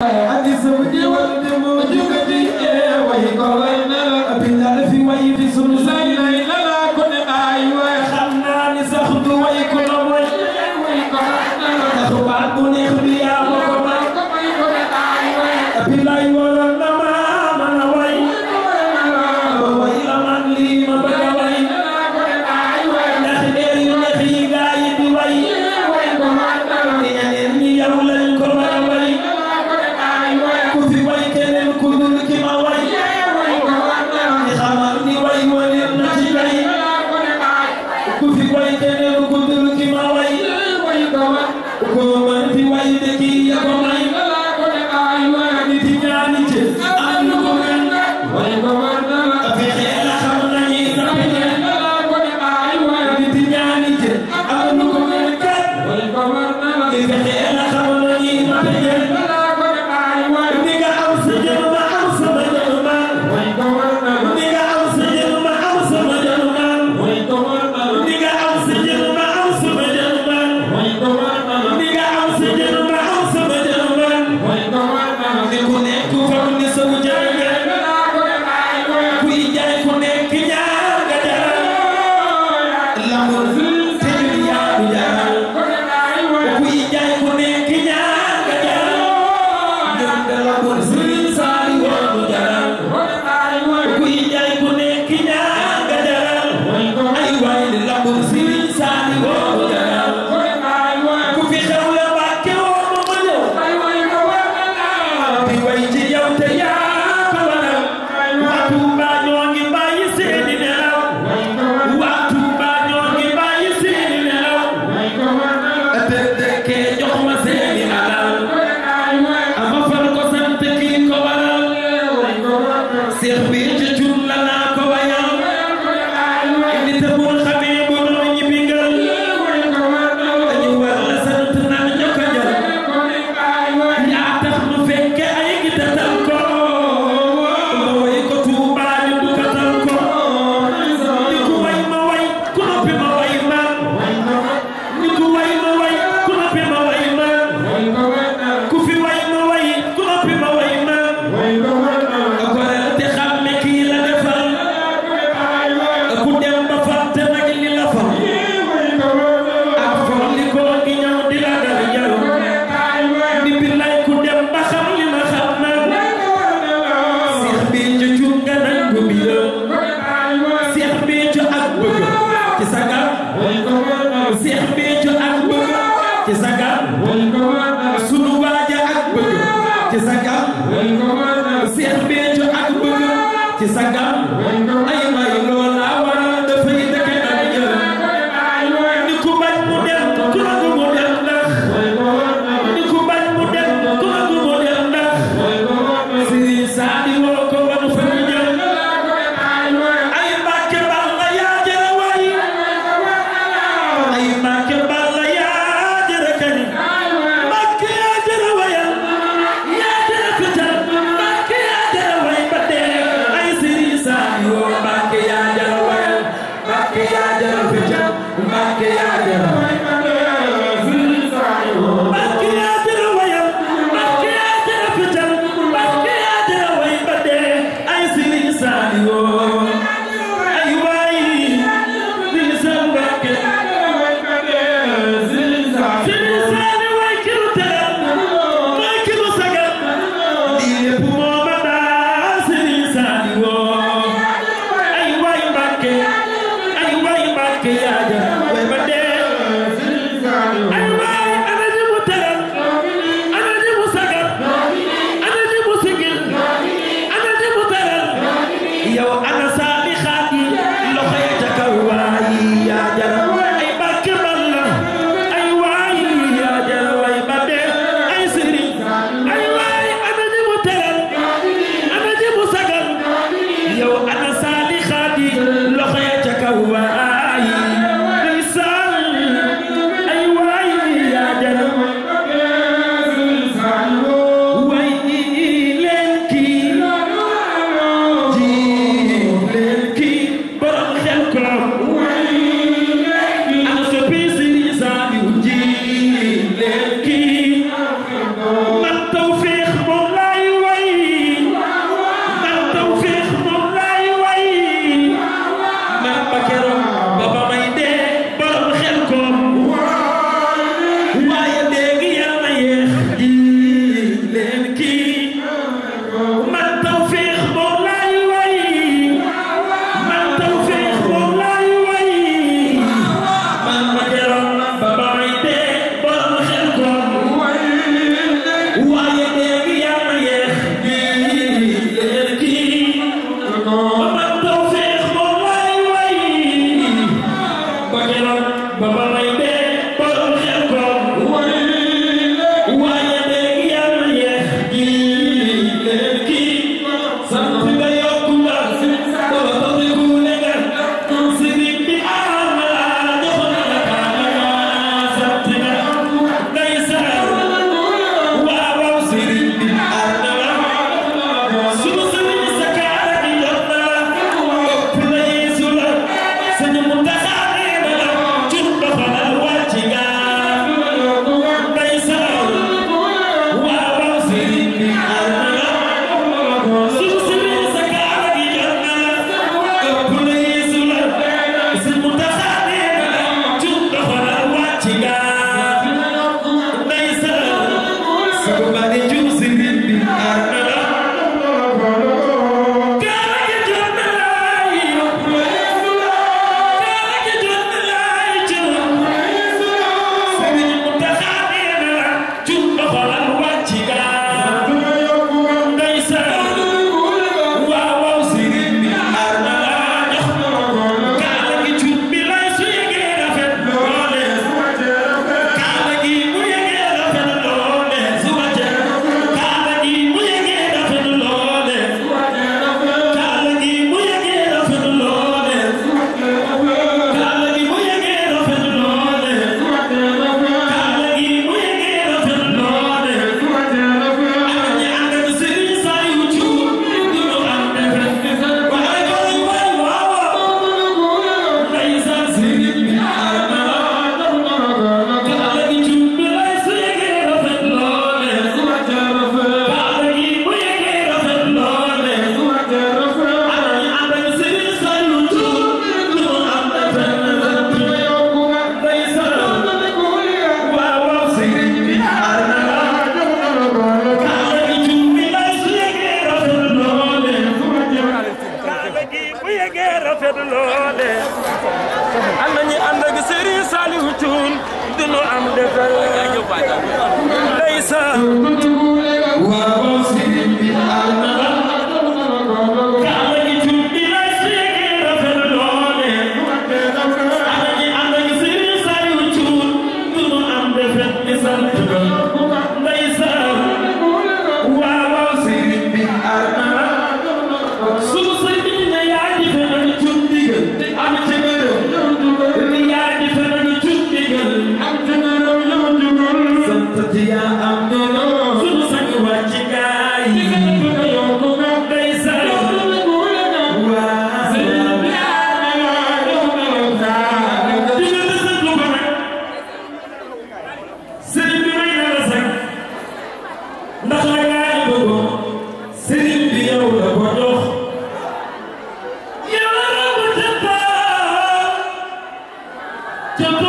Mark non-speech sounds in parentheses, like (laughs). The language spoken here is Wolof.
Addis sunu waaja ak bëgg ci sa gam seex beejo ak bëgg ci sa gam you. Bye-bye. Hallelujah. (laughs) Jump